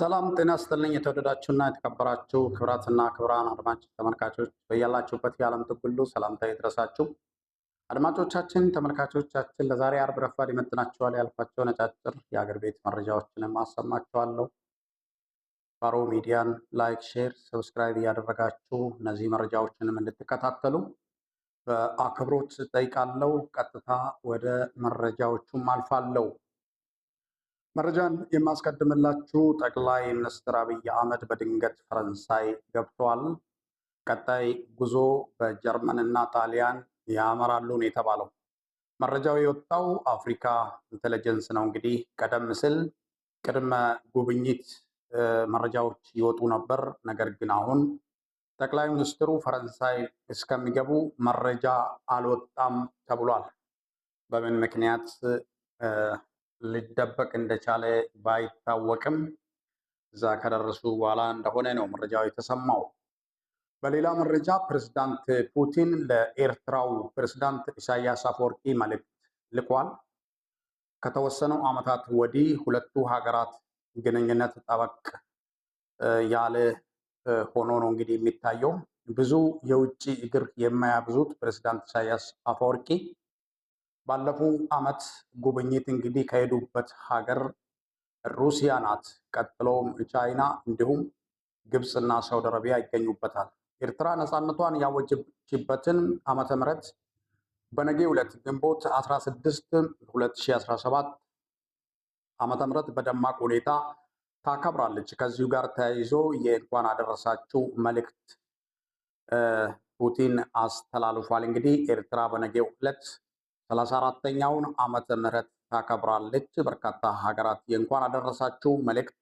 ሰላም ጤና ይስጥልኝ። የተወደዳችሁና የተከበራችሁ ክብራትና ክብራን አድማጭ ተመልካቾች በያላችሁበት የዓለም ጥግ ሁሉ ሰላምታ ይድረሳችሁ። አድማጮቻችን፣ ተመልካቾቻችን ለዛሬ አርብ ረፋድ ይመጥናችኋል ያልኳቸው ነጫጭር የአገር ቤት መረጃዎችንም አሰማችኋለሁ። ባሮ ሚዲያን ላይክ፣ ሼር፣ ሰብስክራይብ እያደረጋችሁ እነዚህ መረጃዎችንም እንድትከታተሉ በአክብሮት ጠይቃለሁ። ቀጥታ ወደ መረጃዎቹም አልፋለሁ። መረጃን የማስቀድምላችሁ ጠቅላይ ሚኒስትር አብይ አህመድ በድንገት ፈረንሳይ ገብተዋል። ቀጣይ ጉዞ በጀርመን እና ጣሊያን ያመራሉ ነው የተባለው። መረጃው የወጣው አፍሪካ ኢንቴሊጀንስ ነው። እንግዲህ ቀደም ሲል ቅድመ ጉብኝት መረጃዎች ይወጡ ነበር። ነገር ግን አሁን ጠቅላይ ሚኒስትሩ ፈረንሳይ እስከሚገቡ መረጃ አልወጣም ተብሏል። በምን ምክንያት ሊደበቅ እንደቻለ ባይታወቅም እዛ ከደረሱ በኋላ እንደሆነ ነው መረጃው የተሰማው። በሌላ መረጃ ፕሬዝዳንት ፑቲን ለኤርትራው ፕሬዝዳንት ኢሳያስ አፈወርቂ መልእክት ልኳል። ከተወሰነው ዓመታት ወዲህ ሁለቱ ሀገራት ግንኙነት ጠበቅ ያለ ሆኖ ነው እንግዲህ የሚታየው። ብዙ የውጭ እግር የማያብዙት ፕሬዝዳንት ኢሳያስ አፈወርቂ ባለፈው ዓመት ጉብኝት እንግዲህ ከሄዱበት ሀገር ሩሲያ ናት። ቀጥሎም ቻይና እንዲሁም ግብፅና ሳውዲ አረቢያ ይገኙበታል። ኤርትራ ነፃነቷን ያወጀችበትን ዓመተ ምህረት በነጌ ዕለት ግንቦት 16 2017 ዓመተ ምህረት በደማቅ ሁኔታ ታከብራለች። ከዚሁ ጋር ተያይዞ የእንኳን አደረሳችሁ መልእክት ፑቲን አስተላልፏል። እንግዲህ ኤርትራ በነገው ዕለት ሰላሳ አራተኛውን ዓመተ ምህረት ታከብራለች። በርካታ ሀገራት የእንኳን አደረሳችሁ መልእክት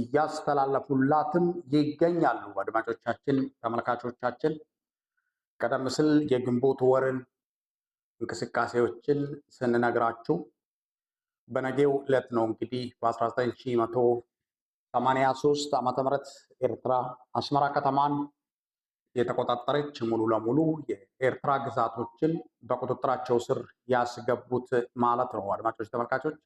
እያስተላለፉላትም ይገኛሉ። አድማጮቻችን፣ ተመልካቾቻችን ቀደም ሲል የግንቦት ወርን እንቅስቃሴዎችን ስንነግራችሁ በነጌው ዕለት ነው እንግዲህ በ1983 ዓ ም ኤርትራ አስመራ ከተማን የተቆጣጠረች ሙሉ ለሙሉ የኤርትራ ግዛቶችን በቁጥጥራቸው ስር ያስገቡት ማለት ነው። አድማጮች፣ ተመልካቾች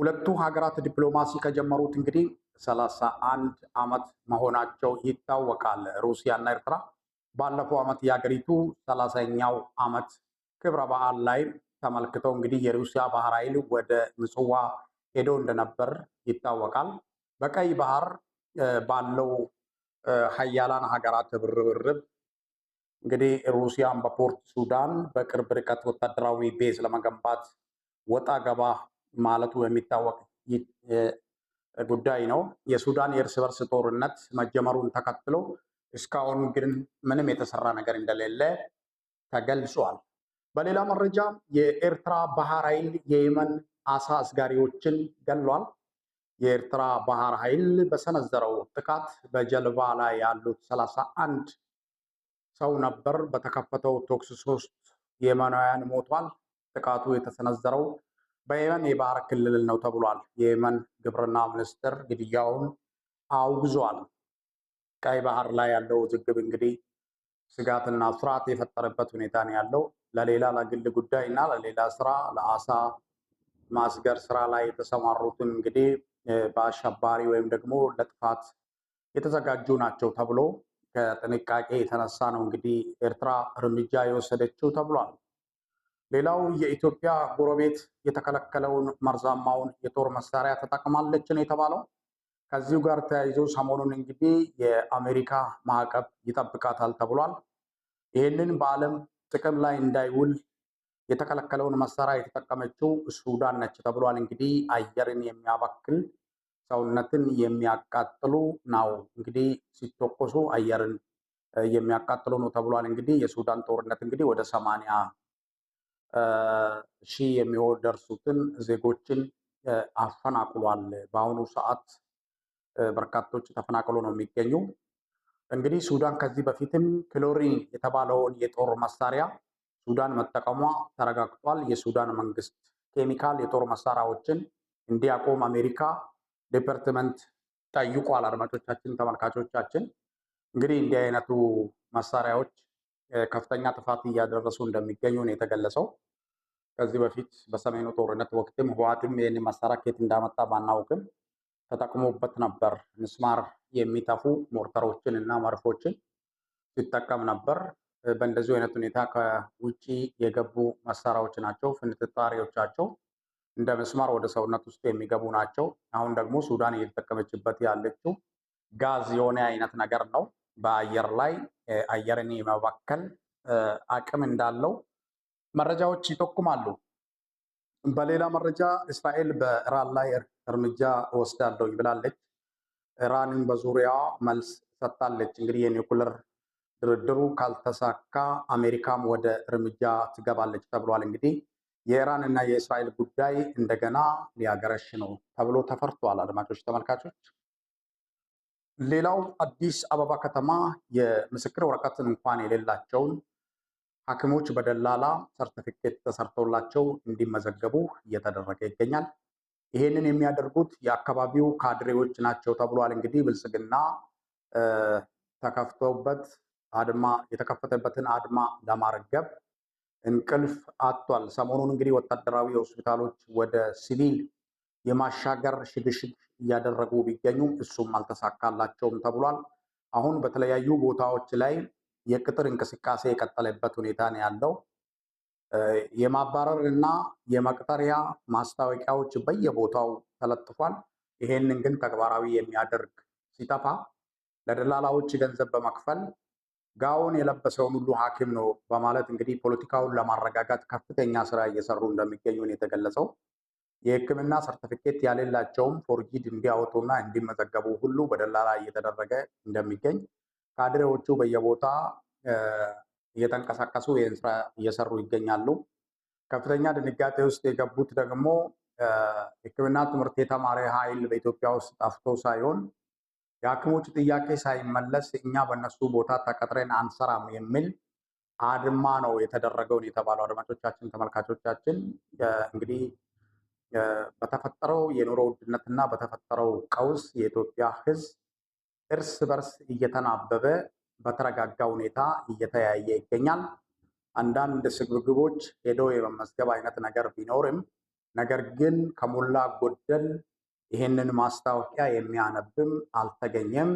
ሁለቱ ሀገራት ዲፕሎማሲ ከጀመሩት እንግዲህ ሰላሳ አንድ ዓመት መሆናቸው ይታወቃል። ሩሲያና ኤርትራ ባለፈው ዓመት የአገሪቱ ሰላሳኛው ዓመት ክብረ በዓል ላይ ተመልክተው እንግዲህ የሩሲያ ባህር ኃይል ወደ ምጽዋ ሄዶ እንደነበር ይታወቃል። በቀይ ባህር ባለው ሀያላን ሀገራት ርብርብ እንግዲህ ሩሲያን በፖርት ሱዳን በቅርብ ርቀት ወታደራዊ ቤዝ ለመገንባት ወጣ ገባ ማለቱ የሚታወቅ ጉዳይ ነው። የሱዳን የእርስ በርስ ጦርነት መጀመሩን ተከትሎ እስካሁን ግን ምንም የተሰራ ነገር እንደሌለ ተገልጿል። በሌላ መረጃ የኤርትራ ባህር ኃይል የየመን አሳ አስጋሪዎችን ገሏል። የኤርትራ ባህር ኃይል በሰነዘረው ጥቃት በጀልባ ላይ ያሉት ሰላሳ አንድ ሰው ነበር። በተከፈተው ተኩስ ሶስት የመናውያን ሞቷል። ጥቃቱ የተሰነዘረው በየመን የባህር ክልል ነው ተብሏል። የየመን ግብርና ሚኒስትር ግድያውን አውግዟል። ቀይ ባህር ላይ ያለው ውዝግብ እንግዲህ ስጋትና ፍርሃት የፈጠረበት ሁኔታ ነው ያለው። ለሌላ ለግል ጉዳይ እና ለሌላ ስራ ለአሳ ማስገር ስራ ላይ የተሰማሩትን እንግዲህ በአሸባሪ ወይም ደግሞ ለጥፋት የተዘጋጁ ናቸው ተብሎ ከጥንቃቄ የተነሳ ነው እንግዲህ ኤርትራ እርምጃ የወሰደችው ተብሏል። ሌላው የኢትዮጵያ ጎረቤት የተከለከለውን መርዛማውን የጦር መሳሪያ ተጠቅማለች ነው የተባለው። ከዚሁ ጋር ተያይዞ ሰሞኑን እንግዲህ የአሜሪካ ማዕቀብ ይጠብቃታል ተብሏል። ይህንን በዓለም ጥቅም ላይ እንዳይውል የተከለከለውን መሳሪያ የተጠቀመችው ሱዳን ነች ተብሏል። እንግዲህ አየርን የሚያባክን ሰውነትን የሚያቃጥሉ ነው እንግዲህ ሲተኮሱ አየርን የሚያቃጥሉ ነው ተብሏል። እንግዲህ የሱዳን ጦርነት እንግዲህ ወደ ሰማንያ ሺህ የሚሆን ደርሱትን ዜጎችን አፈናቅሏል። በአሁኑ ሰዓት በርካቶች ተፈናቅሎ ነው የሚገኙ። እንግዲህ ሱዳን ከዚህ በፊትም ክሎሪን የተባለውን የጦር መሳሪያ ሱዳን መጠቀሟ ተረጋግጧል። የሱዳን መንግስት ኬሚካል የጦር መሳሪያዎችን እንዲያቆም አሜሪካ ዲፓርትመንት ጠይቋል። አድማጮቻችን፣ ተመልካቾቻችን እንግዲህ እንዲህ አይነቱ መሳሪያዎች ከፍተኛ ጥፋት እያደረሱ እንደሚገኙ ነው የተገለጸው። ከዚህ በፊት በሰሜኑ ጦርነት ወቅትም ህዋትም ይህን መሳሪያ እንዳመጣ ባናውቅም ተጠቅሞበት ነበር። ምስማር የሚተፉ ሞርተሮችን እና መርፎችን ሲጠቀም ነበር። በእንደዚሁ አይነት ሁኔታ ከውጭ የገቡ መሳሪያዎች ናቸው። ፍንጥጣሪዎቻቸው እንደ ምስማር ወደ ሰውነት ውስጥ የሚገቡ ናቸው። አሁን ደግሞ ሱዳን እየተጠቀመችበት ያለችው ጋዝ የሆነ አይነት ነገር ነው። በአየር ላይ አየርን የመበከል አቅም እንዳለው መረጃዎች ይጠቁማሉ። በሌላ መረጃ እስራኤል በኢራን ላይ እርምጃ ወስዳለሁ ብላለች። ኢራንን በዙሪያዋ መልስ ሰጥታለች። እንግዲህ የኒውክለር ድርድሩ ካልተሳካ አሜሪካም ወደ እርምጃ ትገባለች ተብሏል። እንግዲህ የኢራን እና የእስራኤል ጉዳይ እንደገና ሊያገረሽ ነው ተብሎ ተፈርቷል። አድማጮች፣ ተመልካቾች ሌላው አዲስ አበባ ከተማ የምስክር ወረቀትን እንኳን የሌላቸውን ሐኪሞች በደላላ ሰርቲፊኬት ተሰርተውላቸው እንዲመዘገቡ እየተደረገ ይገኛል። ይሄንን የሚያደርጉት የአካባቢው ካድሬዎች ናቸው ተብሏል። እንግዲህ ብልጽግና ተከፍቶበት አድማ የተከፈተበትን አድማ ለማርገብ እንቅልፍ አጥቷል። ሰሞኑን እንግዲህ ወታደራዊ ሆስፒታሎች ወደ ሲቪል የማሻገር ሽግሽግ እያደረጉ ቢገኙም እሱም አልተሳካላቸውም ተብሏል። አሁን በተለያዩ ቦታዎች ላይ የቅጥር እንቅስቃሴ የቀጠለበት ሁኔታ ነው ያለው። የማባረር እና የመቅጠሪያ ማስታወቂያዎች በየቦታው ተለጥፏል። ይሄንን ግን ተግባራዊ የሚያደርግ ሲጠፋ ለደላላዎች ገንዘብ በመክፈል ጋውን የለበሰውን ሁሉ ሐኪም ነው በማለት እንግዲህ ፖለቲካውን ለማረጋጋት ከፍተኛ ስራ እየሰሩ እንደሚገኙ የተገለጸው። የሕክምና ሰርተፊኬት ያሌላቸውም ፎርጂድ እንዲያወጡና እንዲመዘገቡ ሁሉ በደላላ እየተደረገ እንደሚገኝ ካድሬዎቹ በየቦታ እየተንቀሳቀሱ ስራ እየሰሩ ይገኛሉ። ከፍተኛ ድንጋጤ ውስጥ የገቡት ደግሞ ሕክምና ትምህርት የተማረ ኃይል በኢትዮጵያ ውስጥ ጠፍቶ ሳይሆን የሐኪሞች ጥያቄ ሳይመለስ እኛ በእነሱ ቦታ ተቀጥረን አንሰራም የሚል አድማ ነው የተደረገውን የተባለው። አድማጮቻችን፣ ተመልካቾቻችን እንግዲህ በተፈጠረው የኑሮ ውድነትና በተፈጠረው ቀውስ የኢትዮጵያ ሕዝብ እርስ በርስ እየተናበበ በተረጋጋ ሁኔታ እየተያየ ይገኛል። አንዳንድ ስግብግቦች ሄደው የመመዝገብ አይነት ነገር ቢኖርም ነገር ግን ከሞላ ጎደል ይህንን ማስታወቂያ የሚያነብም አልተገኘም።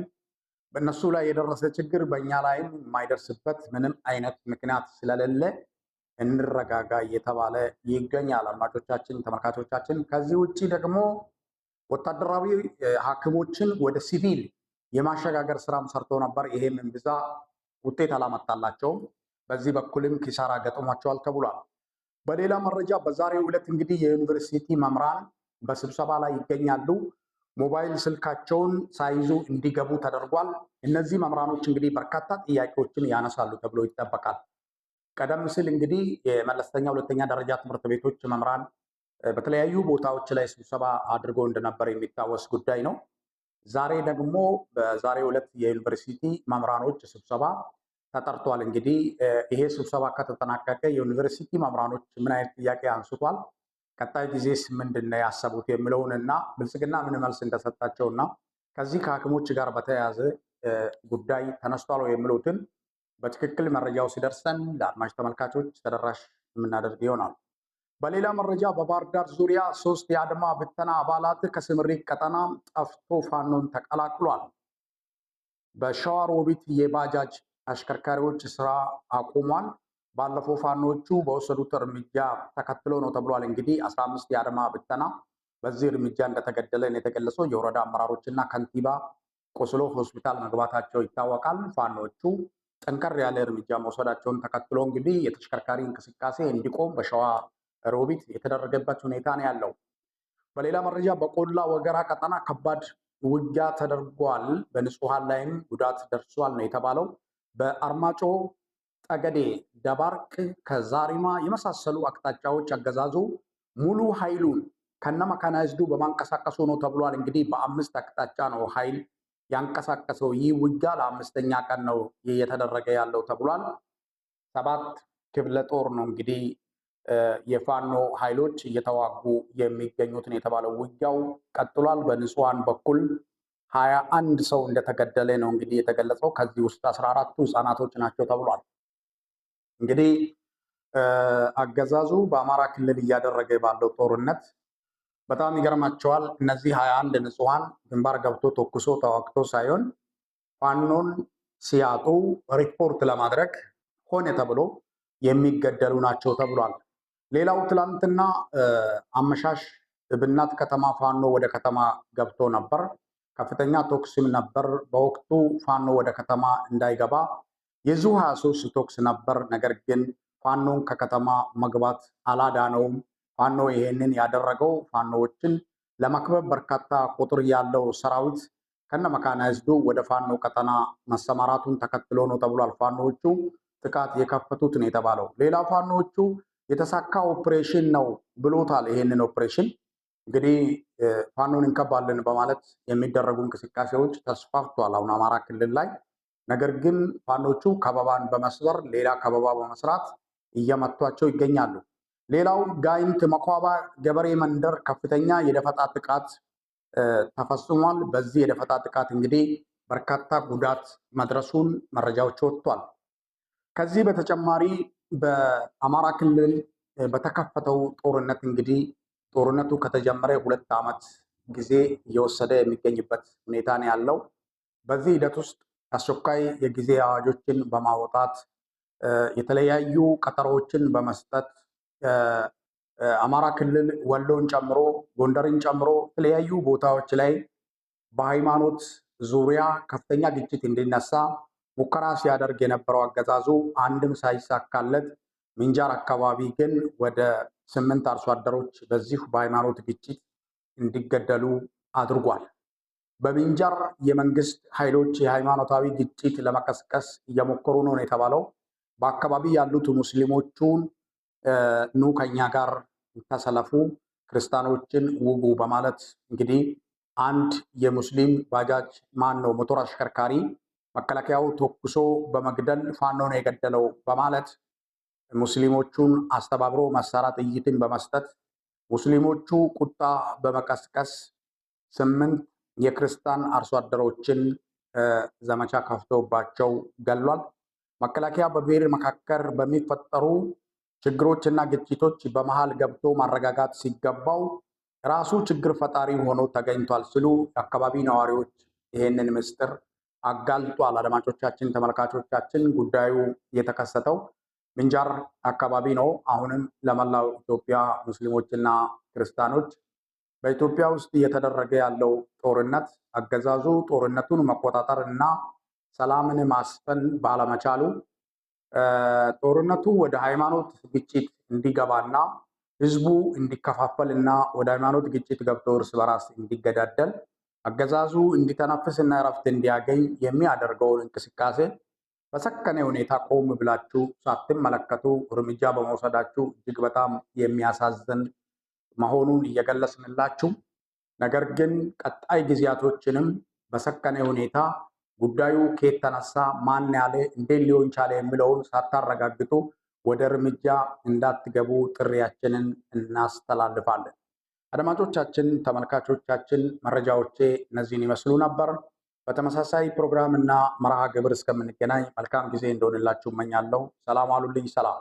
በእነሱ ላይ የደረሰ ችግር በእኛ ላይም የማይደርስበት ምንም አይነት ምክንያት ስለሌለ እንረጋጋ እየተባለ ይገኛል። አድማጮቻችን፣ ተመልካቾቻችን ከዚህ ውጭ ደግሞ ወታደራዊ ሐኪሞችን ወደ ሲቪል የማሸጋገር ስራም ሰርቶ ነበር። ይሄም እንብዛ ውጤት አላመጣላቸውም። በዚህ በኩልም ኪሳራ ገጥሟቸዋል ተብሏል። በሌላ መረጃ በዛሬው ዕለት እንግዲህ የዩኒቨርሲቲ መምህራን በስብሰባ ላይ ይገኛሉ። ሞባይል ስልካቸውን ሳይዙ እንዲገቡ ተደርጓል። እነዚህ መምህራኖች እንግዲህ በርካታ ጥያቄዎችን ያነሳሉ ተብሎ ይጠበቃል። ቀደም ሲል እንግዲህ የመለስተኛ ሁለተኛ ደረጃ ትምህርት ቤቶች መምህራን በተለያዩ ቦታዎች ላይ ስብሰባ አድርጎ እንደነበር የሚታወስ ጉዳይ ነው። ዛሬ ደግሞ በዛሬ ሁለት የዩኒቨርሲቲ መምህራኖች ስብሰባ ተጠርቷል። እንግዲህ ይሄ ስብሰባ ከተጠናቀቀ የዩኒቨርሲቲ መምህራኖች ምን አይነት ጥያቄ አንስቷል ቀጣይ ጊዜስ ምንድን ነው ያሰቡት የሚለውን እና ብልጽግና ምን መልስ እንደሰጣቸው እና ከዚህ ከሐኪሞች ጋር በተያያዘ ጉዳይ ተነስቷል የሚሉትን በትክክል መረጃው ሲደርሰን ለአድማጭ ተመልካቾች ተደራሽ የምናደርግ ይሆናል። በሌላ መረጃ በባህር ዳር ዙሪያ ሶስት የአድማ ብተና አባላት ከስምሪት ቀጠና ጠፍቶ ፋኖን ተቀላቅሏል። በሸዋሮቢት የባጃጅ አሽከርካሪዎች ስራ አቁሟል። ባለፈው ፋኖቹ በወሰዱት እርምጃ ተከትሎ ነው ተብሏል። እንግዲህ አስራ አምስት የአድማ ብተና በዚህ እርምጃ እንደተገደለ የተገለጸው የወረዳ አመራሮችና ከንቲባ ቆስሎ ሆስፒታል መግባታቸው ይታወቃል። ፋኖቹ ጠንከር ያለ እርምጃ መውሰዳቸውን ተከትሎ እንግዲህ የተሽከርካሪ እንቅስቃሴ እንዲቆም በሸዋ ሮቢት የተደረገበት ሁኔታ ነው ያለው። በሌላ መረጃ በቆላ ወገራ ቀጠና ከባድ ውጊያ ተደርጓል። በንጹሐን ላይም ጉዳት ደርሷል ነው የተባለው። በአርማጮ ጠገዴ፣ ደባርቅ፣ ከዛሪማ የመሳሰሉ አቅጣጫዎች አገዛዙ ሙሉ ኃይሉን መካናይዝዱ በማንቀሳቀሱ ነው ተብሏል። እንግዲህ በአምስት አቅጣጫ ነው ኃይል ያንቀሳቀሰው። ይህ ውጊያ ለአምስተኛ ቀን ነው እየተደረገ ያለው ተብሏል። ሰባት ክፍለ ጦር ነው እንግዲህ የፋኖ ኃይሎች እየተዋጉ የሚገኙትን የተባለው ውጊያው ቀጥሏል። በንጹሐን በኩል ሀያ አንድ ሰው እንደተገደለ ነው እንግዲህ የተገለጸው። ከዚህ ውስጥ አስራ አራቱ ህጻናቶች ናቸው ተብሏል። እንግዲህ አገዛዙ በአማራ ክልል እያደረገ ባለው ጦርነት በጣም ይገርማቸዋል። እነዚህ ሀያ አንድ ንጹሐን ግንባር ገብቶ ተኩሶ ተዋግቶ ሳይሆን ፋኖን ሲያጡ ሪፖርት ለማድረግ ሆነ ተብሎ የሚገደሉ ናቸው ተብሏል። ሌላው ትላንትና አመሻሽ እብናት ከተማ ፋኖ ወደ ከተማ ገብቶ ነበር። ከፍተኛ ተኩስም ነበር። በወቅቱ ፋኖ ወደ ከተማ እንዳይገባ የዙ 23 ቶክስ ነበር። ነገር ግን ፋኖን ከከተማ መግባት አላዳነውም። ፋኖ ይሄንን ያደረገው ፋኖዎችን ለማክበብ በርካታ ቁጥር ያለው ሰራዊት ህዝቡ ወደ ፋኖ ቀጠና መሰማራቱን ተከትሎ ነው ተብሏል። ፋኖዎቹ ጥቃት የከፈቱት ነው የተባለው። ሌላ ፋኖዎቹ የተሳካ ኦፕሬሽን ነው ብሎታል። ይሄንን ኦፕሬሽን እንግዲህ ፋኖን እንከባለን በማለት የሚደረጉ እንቅስቃሴዎች ተስፋፍቷል። አሁን አማራ ክልል ላይ ነገር ግን ፋኖቹ ከበባን በመስበር ሌላ ከበባ በመስራት እየመቷቸው ይገኛሉ። ሌላው ጋይንት መኳባ ገበሬ መንደር ከፍተኛ የደፈጣ ጥቃት ተፈጽሟል። በዚህ የደፈጣ ጥቃት እንግዲህ በርካታ ጉዳት መድረሱን መረጃዎች ወጥቷል። ከዚህ በተጨማሪ በአማራ ክልል በተከፈተው ጦርነት እንግዲህ ጦርነቱ ከተጀመረ ሁለት ዓመት ጊዜ እየወሰደ የሚገኝበት ሁኔታ ነው ያለው። በዚህ ሂደት ውስጥ አስቸኳይ የጊዜ አዋጆችን በማውጣት የተለያዩ ቀጠሮዎችን በመስጠት አማራ ክልል ወሎን ጨምሮ ጎንደርን ጨምሮ የተለያዩ ቦታዎች ላይ በሃይማኖት ዙሪያ ከፍተኛ ግጭት እንዲነሳ ሙከራ ሲያደርግ የነበረው አገዛዙ አንድም ሳይሳካለት ምንጃር አካባቢ ግን ወደ ስምንት አርሶ አደሮች በዚሁ በሃይማኖት ግጭት እንዲገደሉ አድርጓል። በሚንጃር የመንግስት ኃይሎች የሃይማኖታዊ ግጭት ለመቀስቀስ እየሞከሩ ነው የተባለው በአካባቢ ያሉት ሙስሊሞቹን ኑ ከኛ ጋር ተሰለፉ፣ ክርስቲያኖችን ውጉ በማለት እንግዲህ አንድ የሙስሊም ባጃጅ ማን ነው ሞቶር አሽከርካሪ መከላከያው ተኩሶ በመግደል ነው የገደለው በማለት ሙስሊሞቹን አስተባብሮ መሳሪያ ጥይትን በመስጠት ሙስሊሞቹ ቁጣ በመቀስቀስ ስምንት የክርስቲያን አርሶ አደሮችን ዘመቻ ከፍቶባቸው ገሏል። መከላከያ በብሔር መካከል በሚፈጠሩ ችግሮች እና ግጭቶች በመሃል ገብቶ ማረጋጋት ሲገባው ራሱ ችግር ፈጣሪ ሆኖ ተገኝቷል ሲሉ የአካባቢ ነዋሪዎች ይህንን ምስጢር አጋልጧል። አድማጮቻችን፣ ተመልካቾቻችን ጉዳዩ የተከሰተው ምንጃር አካባቢ ነው። አሁንም ለመላው ኢትዮጵያ ሙስሊሞችና ክርስቲያኖች በኢትዮጵያ ውስጥ እየተደረገ ያለው ጦርነት አገዛዙ ጦርነቱን መቆጣጠር እና ሰላምን ማስፈን ባለመቻሉ ጦርነቱ ወደ ሃይማኖት ግጭት እንዲገባና ህዝቡ እንዲከፋፈል እና ወደ ሃይማኖት ግጭት ገብቶ እርስ በራስ እንዲገዳደል አገዛዙ እንዲተነፍስ እና እረፍት እንዲያገኝ የሚያደርገውን እንቅስቃሴ በሰከነ ሁኔታ ቆም ብላችሁ ሳትመለከቱ እርምጃ በመውሰዳችሁ እጅግ በጣም የሚያሳዝን መሆኑን እየገለጽንላችሁ ነገር ግን ቀጣይ ጊዜያቶችንም በሰከነ ሁኔታ ጉዳዩ ከየት ተነሳ፣ ማን ያለ፣ እንዴት ሊሆን ቻለ የሚለውን ሳታረጋግጡ ወደ እርምጃ እንዳትገቡ ጥሪያችንን እናስተላልፋለን። አድማጮቻችን፣ ተመልካቾቻችን መረጃዎቼ እነዚህን ይመስሉ ነበር። በተመሳሳይ ፕሮግራም እና መርሃ ግብር እስከምንገናኝ መልካም ጊዜ እንደሆንላችሁ እመኛለሁ። ሰላም አሉልኝ። ሰላም